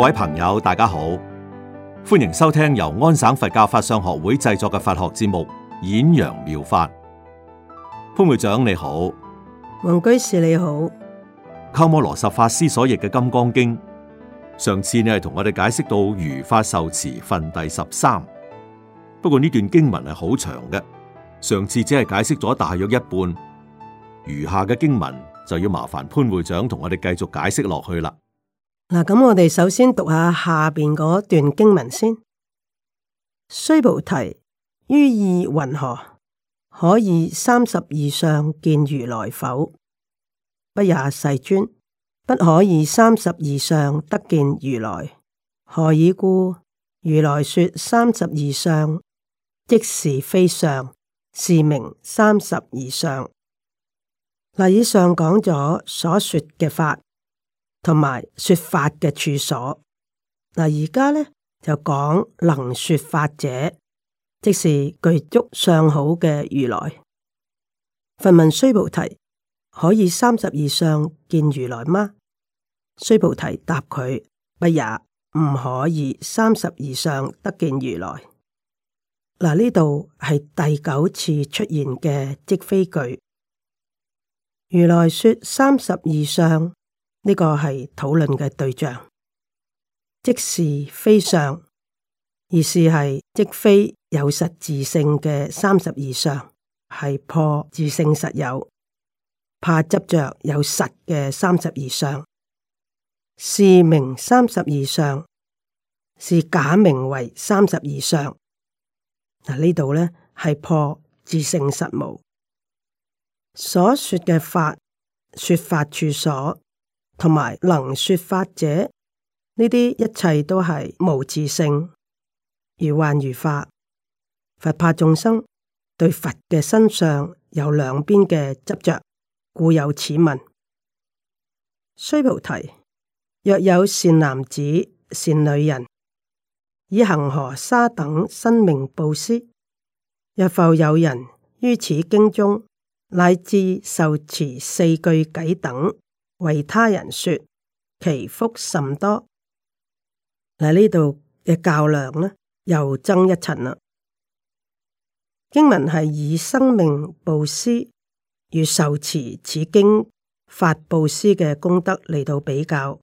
各位朋友，大家好，歡迎收聽由安省佛教法相學會製作嘅佛學節目《演揚妙，妙法》。潘會長你好，王居士你好。鳩摩羅什法師所譯嘅《金剛經》，上次你係同我哋解釋到《如法受持分》第十三，不過呢段經文係好長嘅，上次只係解釋咗大約一半，餘下嘅經文就要麻煩潘會長同我哋繼續解釋落去啦。嗱，咁我哋首先讀下下邊嗰段經文先。須菩提，於意云何，可以三十二相見如來否？不也，世尊，不可以三十二相得見如來。何以故？如來說三十二相即是非相，是名三十二相。嗱，以上講咗所說嘅法。同埋說法嘅處所，嗱，而家咧就講能說法者，即是具足相好嘅如來。佛問須菩提：可以三十二相見如來嗎？須菩提答佢：不也，唔可以三十二相得見如來。嗱，呢度係第九次出現嘅即非句，如來說三十二相。呢個係討論嘅對象，即是非相，而是係即非有實自性嘅三十二相，係破自性實有，怕執着有實嘅三十二相，是名三十二相，是假名為三十二相。嗱呢度呢係破自性實無，所說嘅法說法處所。同埋能說法者，呢啲一切都係無自性，如幻如化。佛怕眾生對佛嘅身上有兩邊嘅執着，故有此問。須菩提，若有善男子、善女人，以恒河沙等身命布施，若復有人於此經中乃至受持四句偈等，為他人說，其福甚多。嗱，呢度嘅較量咧，又增一層啦。經文係以生命布施與受持此經法布施嘅功德嚟到比較。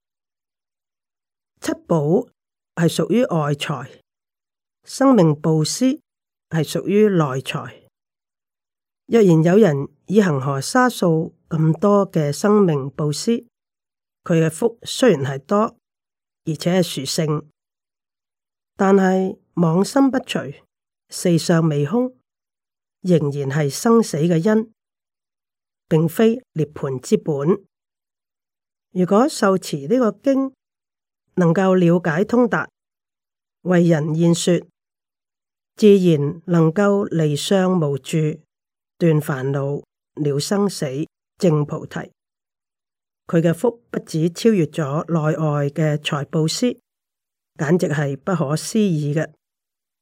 七寶係屬於外財，生命布施係屬於內財。若然有人以恒河沙數。咁多嘅生命布施，佢嘅福雖然係多，而且係殊勝，但係妄心不除，四相未空，仍然係生死嘅因，並非涅槃之本。如果受持呢個經，能夠了解通達，為人言說，自然能夠離相無住，斷煩惱了生死。正菩提，佢嘅福不止超越咗內外嘅財布施，簡直係不可思議嘅。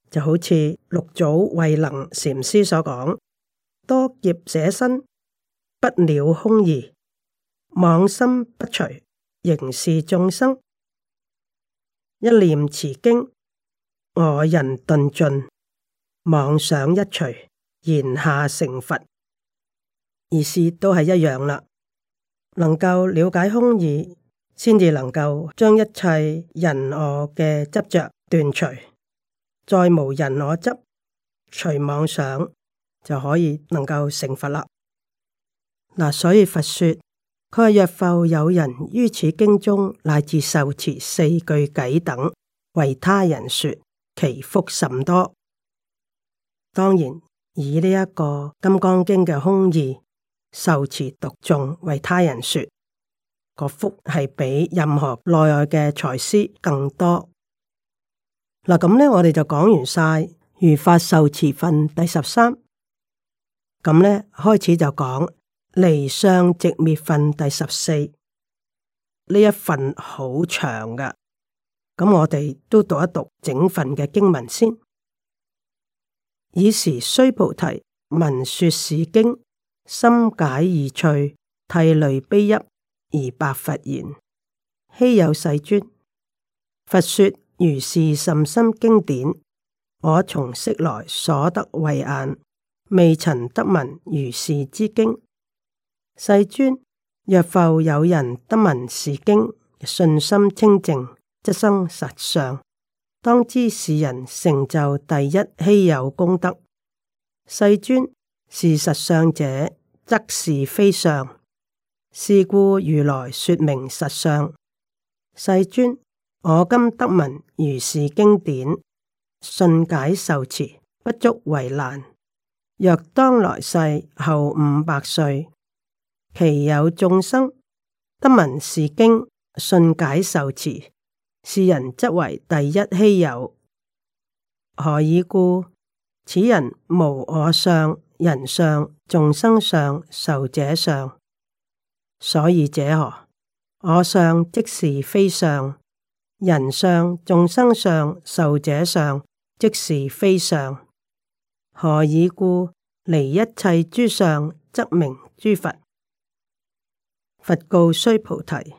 就好似六祖慧能禪師所講：多劫捨身，不了空義，妄心不除，仍是眾生。一念持經，我人頓盡，妄想一除，言下成佛。意思都係一樣啦，能夠了解空義，先至能夠將一切人我嘅執着斷除，再無人我執，除妄想就可以能夠成佛啦。嗱，所以佛說，佢話若復有人於此經中乃至受持四句偈等，為他人說，其福甚多。當然以呢一個金剛經嘅空義。受持讀誦為他人說，個福係比任何內外嘅財施更多。嗱，咁呢，我哋就講完晒如法受持分第十三，咁呢，開始就講離相寂滅分第十四，呢一份好長嘅，咁我哋都讀一讀整份嘅經文先。爾時須菩提聞說是經。心解而趣，涕淚悲泣而白佛言：希有世尊，佛說如是甚深經典，我從昔來所得慧眼，未曾得聞如是之經。世尊，若復有人得聞是經，信心清淨，則生實相，當知是人成就第一希有功德。世尊。是實相者，則是非相。是故如來說明實相。世尊，我今得聞如是經典，信解受持，不足為難。若當來世後五百歲，其有眾生得聞是經，信解受持，是人則為第一希有。何以故？此人無我相。人上、眾生上、受者上，所以者何？我上即是非上，人上、眾生上、受者上即是非上。何以故？離一切諸上，則名諸佛。佛告須菩提：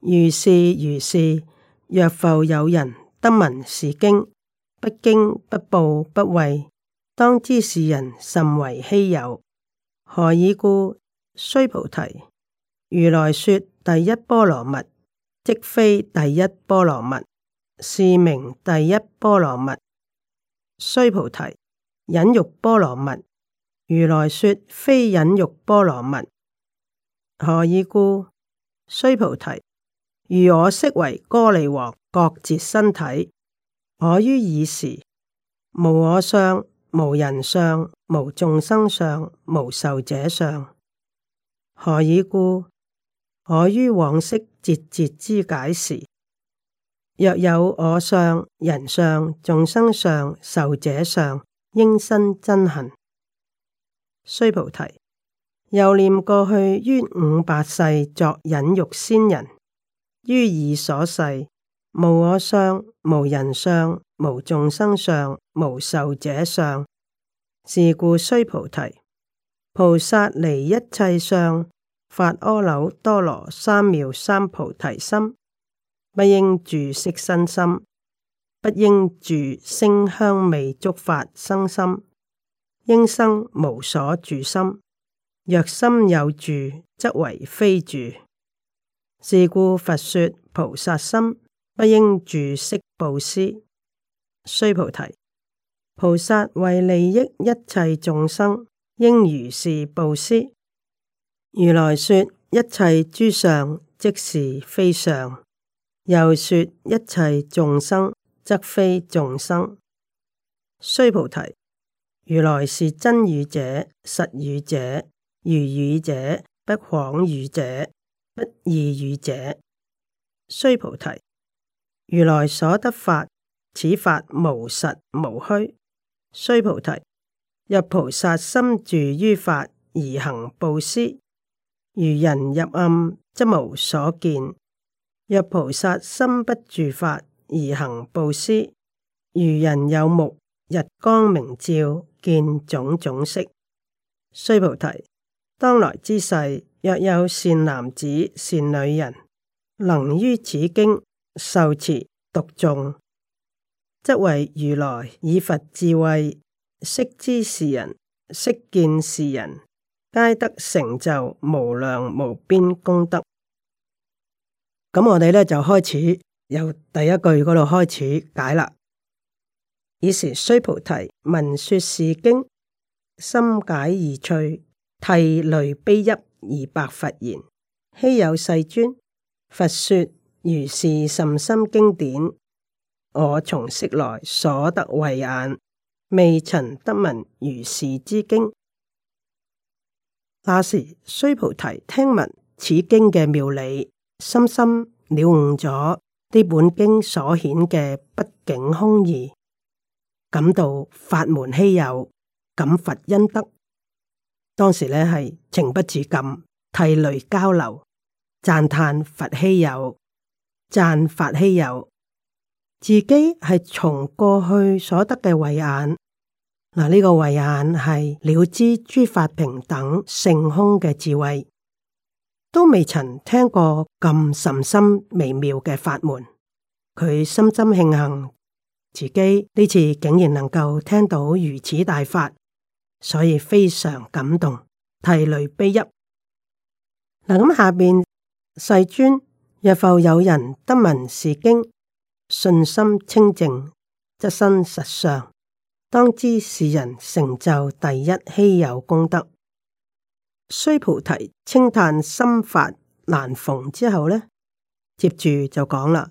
如是如是。若復有人得聞是經，不驚不怖不畏。當知是人甚為稀有，何以故？須菩提，如來說第一波羅蜜，即非第一波羅蜜，是名第一波羅蜜。須菩提，忍辱波羅蜜，如來說非忍辱波羅蜜，何以故？須菩提，如我昔為歌利王割截身體，我於爾時無我相。無人相，無眾生相，無壽者相。何以故？我於往昔節節支解時，若有我相、人相、眾生相、壽者相，應生瞋恨。須菩提，又念過去於五百世作忍辱仙人，於爾所世，無我相，無人相。無眾生相，無受者相，是故須，菩提菩薩離一切相，發阿耨多羅三藐三菩提心，不應住色生心，不應住聲香味觸法生心，應生無所住心。若心有住，則為非住。是故佛說菩薩心不應住色布施。須菩提，菩薩為利益一切眾生，應如是布施。如來說一切諸相即是非相，又說一切眾生則非眾生。須菩提，如來是真語者、實語者、如語者、不誑語者、不異語者。須菩提，如來所得法。此法無實無虛，須菩提，若菩薩心住於法而行布施，如人入暗，則無所見；若菩薩心不住法而行布施，如人有目，日光明照，見種種色。須菩提，當來之世，若有善男子、善女人，能於此經受持讀誦，則為如來以佛智慧，識知是人，識見是人，皆得成就無量無邊功德。咁、嗯、我哋呢，就開始由第一句嗰度開始解啦。爾時須菩提聞說是經，心解而趣，涕淚悲泣而白佛言：希有世尊，佛說如是甚深經典。我從昔來所得慧眼，未曾得聞如是之經。那時須菩提聽聞此經嘅妙理，深深了悟咗呢本經所顯嘅畢竟空義，感到法門稀有，感佛恩德。當時呢係情不自禁，涕淚交流，讚嘆佛稀有，讚法稀有。自己係從過去所得嘅慧眼，嗱、這、呢個慧眼係了知諸法平等性空嘅智慧，都未曾聽過咁甚深微妙嘅法門。佢深深慶幸自己呢次竟然能夠聽到如此大法，所以非常感動，涕淚悲泣。嗱，咁下面世尊，若復有人得聞是經，信心清淨，則生實相。當知是人成就第一稀有功德。須菩提，稱嘆心法難逢之後呢，接住就講啦。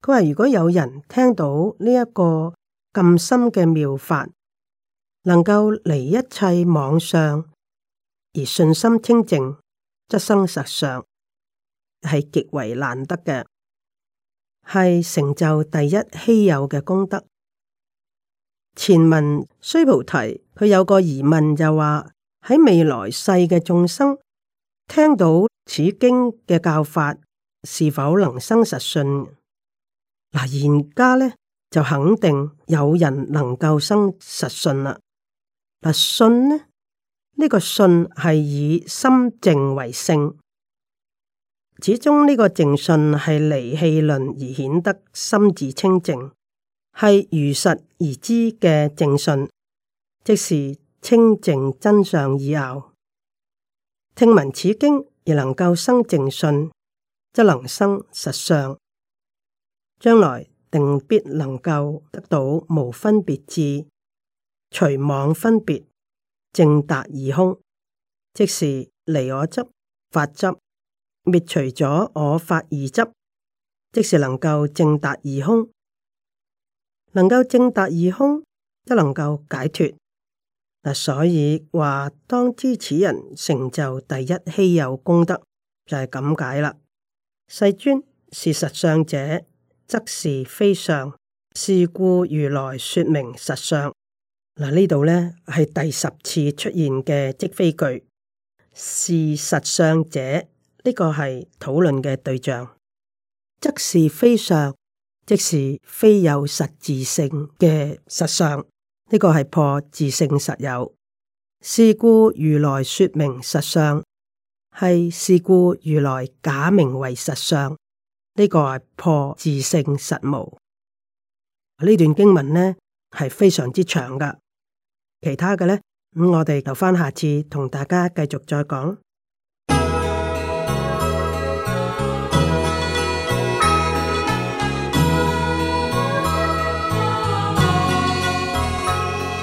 佢話如果有人聽到呢一個咁深嘅妙法，能夠離一切妄想而信心清淨，則生實相，係極為難得嘅。係成就第一稀有嘅功德。前文須菩提佢有個疑問就話：喺未來世嘅眾生聽到此經嘅教法，是否能生實信？嗱，而家咧就肯定有人能夠生實信啦。嗱，信呢？呢、這個信係以心淨為性。始終呢個正信係離氣論而顯得心智清淨，係如實而知嘅正信，即是清淨真相以有。聽聞此經而能夠生正信，則能生實相，將來定必能夠得到無分別智，隨妄分別，正達而空，即是離我執、法執。滅除咗我法二執，即是能夠正達二空，能夠正達二空，即能夠解脫。嗱，所以話當知此人成就第一稀有功德，就係、是、咁解啦。世尊是實相者，則是非相，是故如來說明實相。嗱，呢度咧係第十次出現嘅即非句，是實相者。呢個係討論嘅對象，則是非相，即是非有實自性嘅實相。呢、這個係破自性實有。是故如來說明實相，係是故如來假名為實相。呢、這個係破自性實無。呢段經文呢係非常之長噶，其他嘅呢，咁我哋留翻下，下次同大家繼續再講。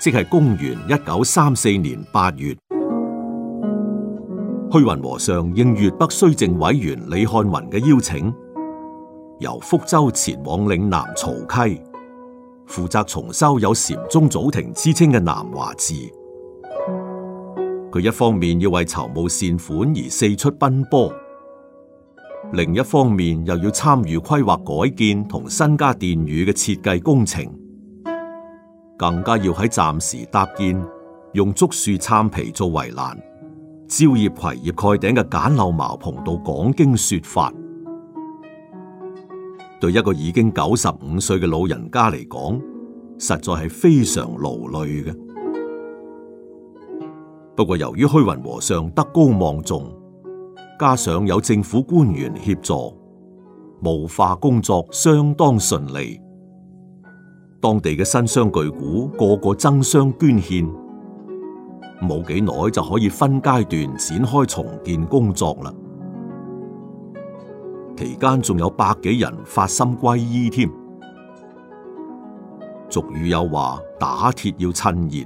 即係公元一九三四年八月，虛雲和尚應粵北綏靖委員李漢雲嘅邀請，由福州前往嶺南曹溪，負責重修有禪宗祖庭之稱嘅南華寺。佢一方面要為籌募善款而四出奔波，另一方面又要參與規劃改建同新加殿宇嘅設計工程。更加要喺暫時搭建用竹樹參皮做圍欄、蕉葉、葵葉蓋頂嘅簡陋茅棚度講經說法，對一個已經九十五歲嘅老人家嚟講，實在係非常勞累嘅。不過由於虛雲和尚德高望重，加上有政府官員協助，務化工作相當順利。當地嘅新商巨賈，個個爭相捐獻，冇幾耐就可以分階段展開重建工作啦。期間仲有百幾人發心皈依添。俗語有話，打鐵要趁熱，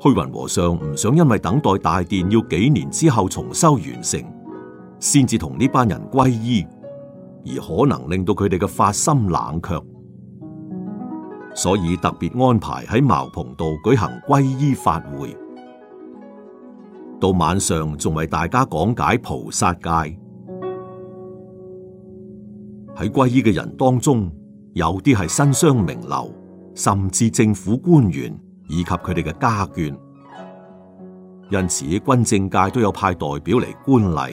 虛雲和尚唔想因為等待大殿要幾年之後重修完成，先至同呢班人皈依，而可能令到佢哋嘅發心冷卻。所以特別安排喺茅蓬道舉行皈依法會，到晚上仲為大家講解菩薩戒。喺皈依嘅人當中，有啲係紳商名流，甚至政府官員以及佢哋嘅家眷。因此，軍政界都有派代表嚟觀禮。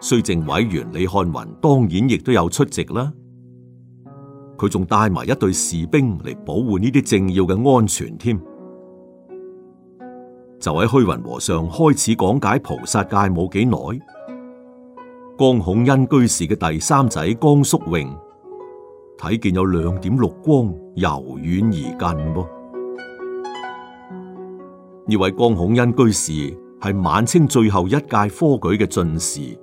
稅政委員李漢雲當然亦都有出席啦。佢仲帶埋一隊士兵嚟保護呢啲政要嘅安全添。就喺虛雲和尚開始講解菩薩戒冇幾耐，江孔殷居士嘅第三仔江叔榮睇見有兩點綠光由遠而近噃。呢位江孔殷居士係晚清最後一屆科舉嘅進士，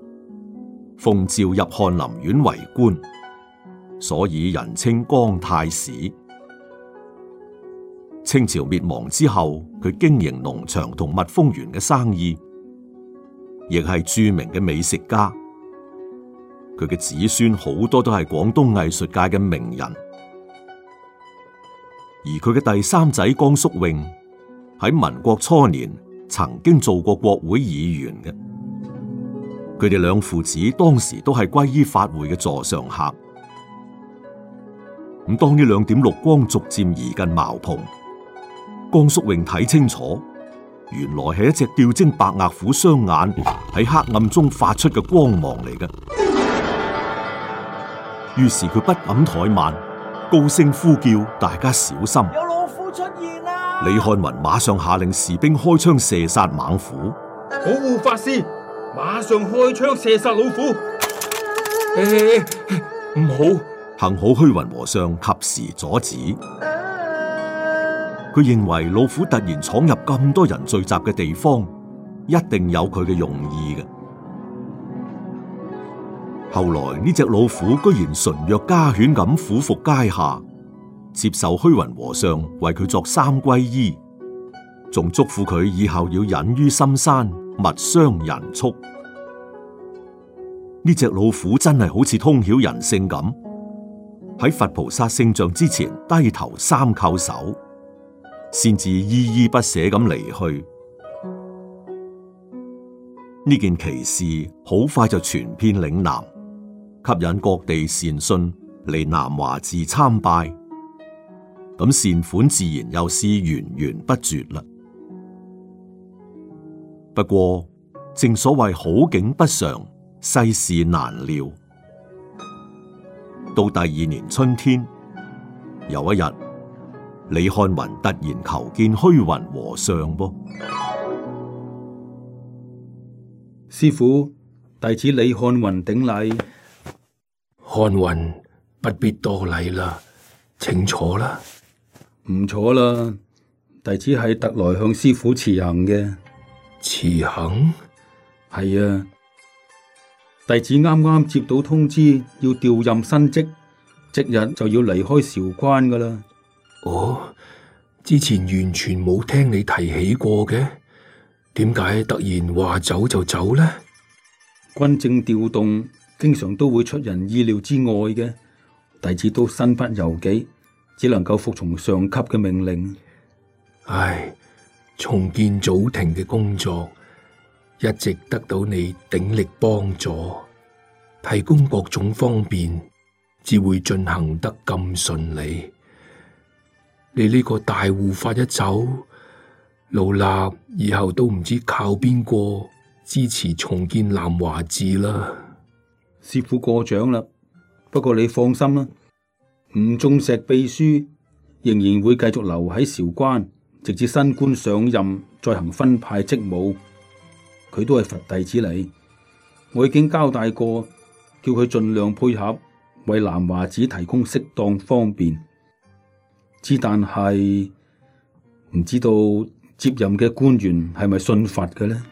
奉召入翰林院為官。所以人稱江太史。清朝滅亡之後，佢經營農場同蜜蜂園嘅生意，亦係著名嘅美食家。佢嘅子孫好多都係廣東藝術界嘅名人，而佢嘅第三仔江叔永喺民國初年曾經做過國會議員嘅。佢哋兩父子當時都係歸依法會嘅座上客。咁當呢兩點綠光逐漸移近茅棚，江叔榮睇清楚，原來係一隻吊睛白額虎雙眼喺黑暗中發出嘅光芒嚟嘅。於是佢不敢怠慢，高聲呼叫大家小心。有老虎出現啦！李漢文馬上下令士兵開槍射殺猛虎，虎、啊。猛虎保護法師，馬上開槍射殺老虎。唔好。幸好虛雲和尚及時阻止。佢認為老虎突然闖入咁多人聚集嘅地方，一定有佢嘅用意嘅。後來呢隻老虎居然純若家犬咁俯伏階下，接受虛雲和尚為佢作三皈依，仲祝福佢以後要隱於深山，勿傷人畜。呢隻老虎真係好似通曉人性咁。喺佛菩薩聖像之前低頭三叩叩首，先至依依不捨咁離去。呢件奇事好快就傳遍嶺南，吸引各地善信嚟南華寺參拜，咁善款自然又是源源不絕啦。不過正所謂好景不常，世事難料。到第二年春天，有一日，李漢雲突然求見虛雲和尚。噃，師傅，弟子李漢雲頂禮。漢雲，不必多禮啦，請坐啦，唔坐啦，弟子係特來向師傅辭行嘅。辭行恒？係啊。弟子啱啱接到通知，要調任新職，即日就要離開韶關噶啦。哦，之前完全冇聽你提起過嘅，點解突然話走就走呢？軍政調動經常都會出人意料之外嘅，弟子都身不由己，只能夠服從上級嘅命令。唉，重建祖庭嘅工作。一直得到你鼎力幫助，提供各種方便，至會進行得咁順利。你呢個大護法一走，老衲以後都唔知靠邊個支持重建南華寺啦。師傅過獎啦，不過你放心啦，吳中石秘書仍然會繼續留喺韶關，直至新官上任再行分派職務。佢都係佛弟子嚟，我已經交代過，叫佢盡量配合，為南華寺提供適當方便。之但係唔知道接任嘅官員係咪信佛嘅呢？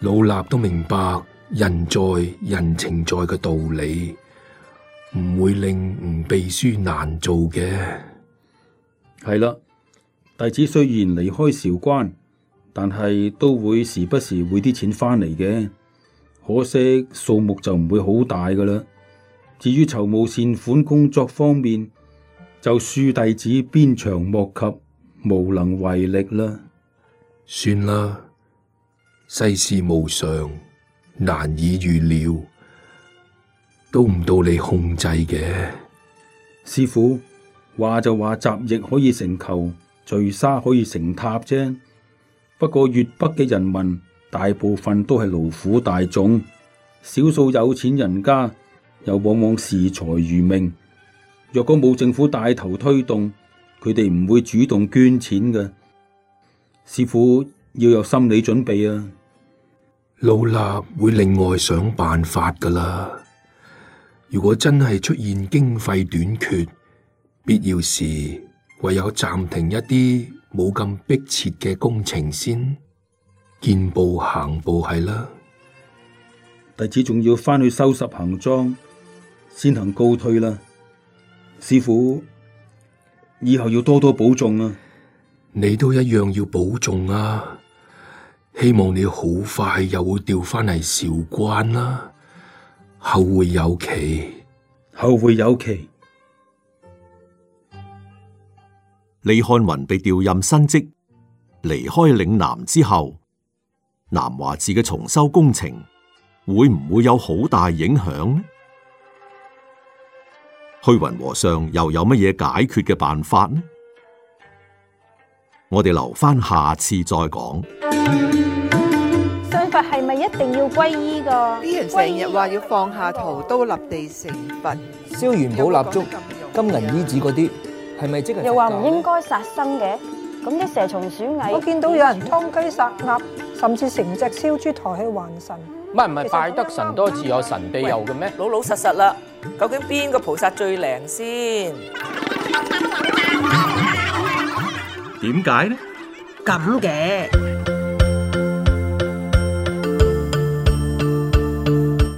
老衲都明白人在人情在嘅道理，唔會令吳秘書難做嘅。係啦，弟子雖然離開韶關。但係都會時不時匯啲錢返嚟嘅，可惜數目就唔會好大㗎喇。至於籌募善款工作方面，就恕弟子鞭長莫及，無能為力啦。算啦，世事無常，難以預料，都唔到你控制嘅。師父話就話，集腋可以成裘，聚沙可以成塔啫。不過粵北嘅人民大部分都係勞苦大眾，少數有錢人家又往往視財如命。若果冇政府帶頭推動，佢哋唔會主動捐錢嘅，師父要有心理準備啊！老衲會另外想辦法噶啦。如果真係出現經費短缺，必要時唯有暫停一啲。冇咁迫切嘅工程先，見步行步係啦。弟子仲要翻去收拾行裝，先行告退啦。師傅，以後要多多保重啊！你都一樣要保重啊！希望你好快又會調翻嚟韶關啦，啊。後會有期，後會有期。李漢雲被調任新職，離開嶺南之後，南華寺嘅重修工程會唔會有好大影響呢？虛雲和尚又有乜嘢解決嘅辦法呢？我哋留翻下次再講。信佛係咪一定要皈依噶？啲人成日話要放下屠刀立地成佛，燒元寶蠟燭、金銀衣紙嗰啲。係咪即係？又話唔應該殺生嘅，咁啲蛇蟲鼠蟻，我見到有人劏雞殺鴨，甚至成隻燒豬抬去還神。唔係唔係，拜得神多自有神庇佑嘅咩？老老實實啦，究竟邊個菩薩最靈先？點解呢？咁嘅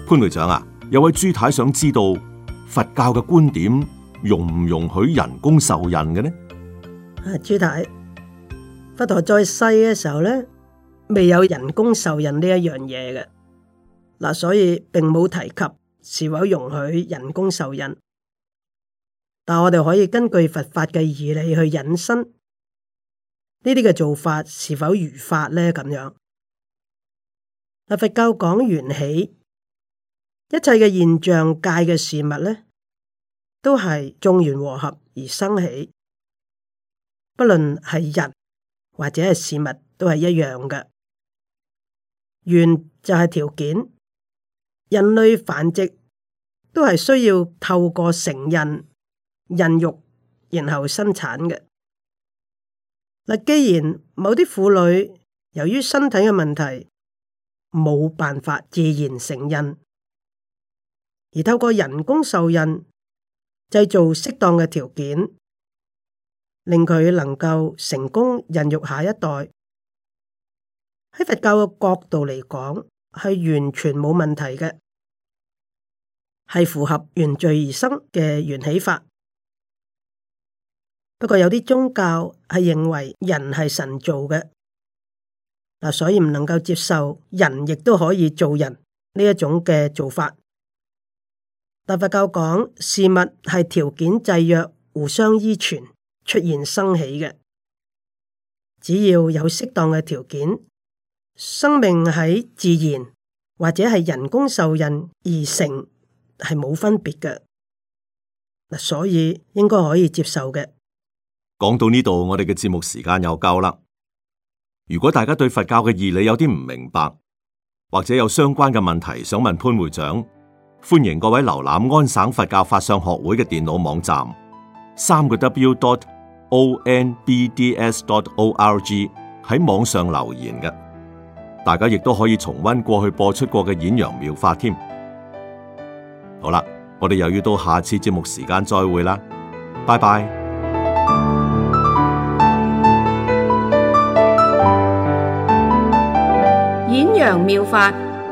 潘會長啊，有位朱太想知道佛教嘅觀點。容唔容許人工受孕嘅呢？啊，朱太，佛陀在世嘅時候咧，未有人工受孕呢一樣嘢嘅，嗱，所以並冇提及是否容許人工受孕。但係我哋可以根據佛法嘅義理去引申呢啲嘅做法是否如法呢？咁樣，阿佛教講緣起，一切嘅現象界嘅事物咧。都係眾緣和合而生起，不論係人或者係事物都係一樣嘅，緣就係條件。人類繁殖，都係需要透過成孕、孕育然後生產嘅。嗱，既然某啲婦女由於身體嘅問題冇辦法自然成孕，而透過人工受孕，製造適當嘅條件，令佢能夠成功孕育下一代。喺佛教嘅角度嚟講，係完全冇問題嘅，係符合緣聚而生嘅緣起法。不過有啲宗教係認為人係神造嘅，嗱，所以唔能夠接受人亦都可以做人呢一種嘅做法。大佛教講事物係條件制約、互相依存出現生起嘅，只要有適當嘅條件，生命喺自然或者係人工受孕而成係冇分別嘅。嗱，所以應該可以接受嘅。講到呢度，我哋嘅節目時間又夠啦。如果大家對佛教嘅義理有啲唔明白，或者有相關嘅問題想問潘會長。歡迎各位瀏覽安省佛教法相學會嘅電腦網站，三個 w.dot.o.n.b.d.s.dot.o.r.g 喺網上留言嘅。大家亦都可以重溫過去播出過嘅演揚妙法添。好啦，我哋又要到下次節目時間再會啦，拜拜。演揚妙法。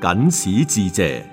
僅此致謝。